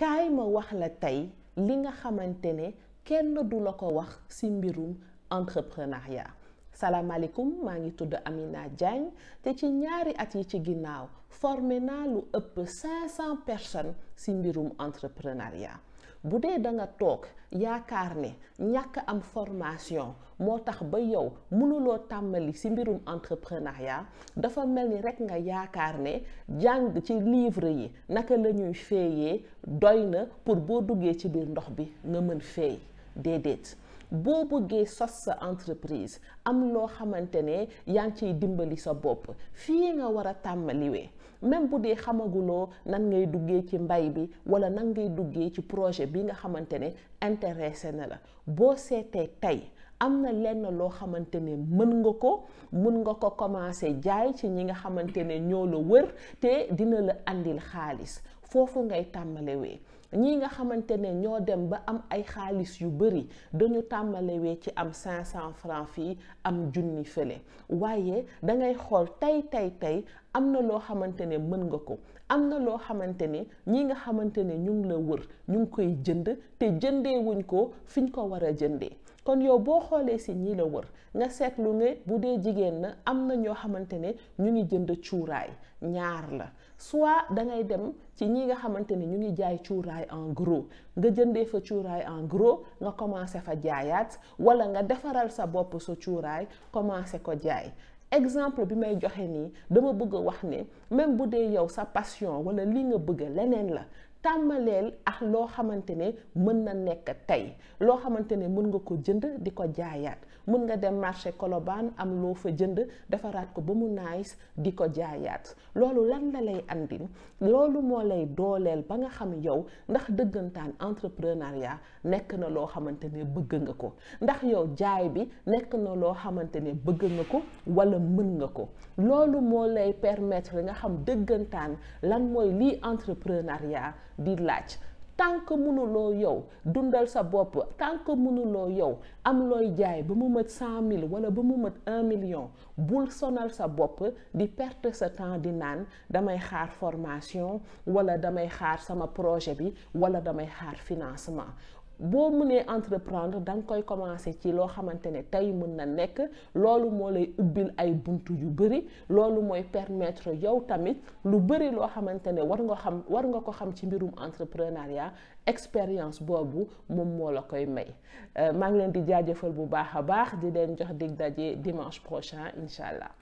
kaay ma wax la tey li nga xamante ne kenn du la ko wax ci mbirum entrepreneuriat salaamaaleykum maa ngi tudd Amina Diagne te ci ñaari at yi ci ginnaaw formé naa lu ëpp 500 personnes si mbirum entrepreneuriat bu dee da nga toog yaakaar ne ñàkk am formation moo tax ba yow mënuloo tàmbali si mbirum entrepreneuriat dafa mel ni rek nga yaakaar ne jàng ci livre yi naka lañuy ñuy doy na pour boo duggee ci biir ndox bi nga mën féey déedéet boo bëggee sos sa entreprise am loo xamante ne yaa ngi ciy dimbali sa bopp fii nga war a tàmbaliwee même bu dee xamaguloo nan ngay duggee ci mbay bi wala nag ngay duggee ci projet bi nga xamante ne intéressé na la boo seetee tey am na lenn loo xamante ne mën nga ko mën nga ko commencé jaay ci ñi nga xamante ne ñoo la wër te dina la indil xaalis foofu ngay tàmbalewee ñi nga xamante ne ñoo dem ba am ay xaalis yu bëri dañu tàmmalewee ci am 500 francs fii am junni fële waaye da ngay xool tay tay tay am na loo xamante ne mën nga ko am na loo xamante ne ñi nga xamante ne ñu ngi la wër ñu ngi koy jënd te jëndee wuñ ko fiñ ko war a jëndee kon yow boo xoolee si ñi la wër nga seetlu ne bu dee jigéen na am na ñoo xamante ne ñu ngi jënd cuuraay ñaar la soit da ngay dem ci ñi nga xamante ne ñu ngi jaay cuuraay cuuraay en gros nga jëndee fa cuuraay en gros nga commencé fa jaayaat wala nga defaral sa bopp sa cuuraay commencé ko jaay exemple bi may joxe nii dama bëgg a wax ne même bu dee yow sa passion wala lii nga bëgg leneen la tàmmaleel ak loo xamante ne mën na nekk tey loo xamante ne mën nga ko jënd di ko jaayaat mën nga dem marché kolobaan am loo fa jënd defaraat ko ba mu naay di ko jaayaat loolu lan la lay andil loolu moo lay dooleel ba nga xam yow ndax dëggantaan entrepreneuriat nekk na loo xamante ne bëgg nga ko ndax yow jaay bi nekk na loo xamante ne bëgg nga ko wala mën nga ko loolu moo lay permettre nga xam dëggantaan lan mooy lii entrepreneuriat di laaj tant que mënuloo yow dundal sa bopp tant que mënuloo yow am looy jaay ba mu mat cent mille wala ba mu mat un million bul sonal sa bopp di perte sa temps di naan damay xaar formation wala damay xaar sama projet bi wala damay xaar financement vous voulez entreprendre dang koy commencer ci lo xamantene tay mën na nekk mo lay ubbil ay buntu yu lolu moy permettre yow tamit lu bari lo xamantene war nga xam war nga ko xam ci mbirum entrepreneuriat expérience la koy may euh, ngi di bu baakha di dimanche prochain inshallah.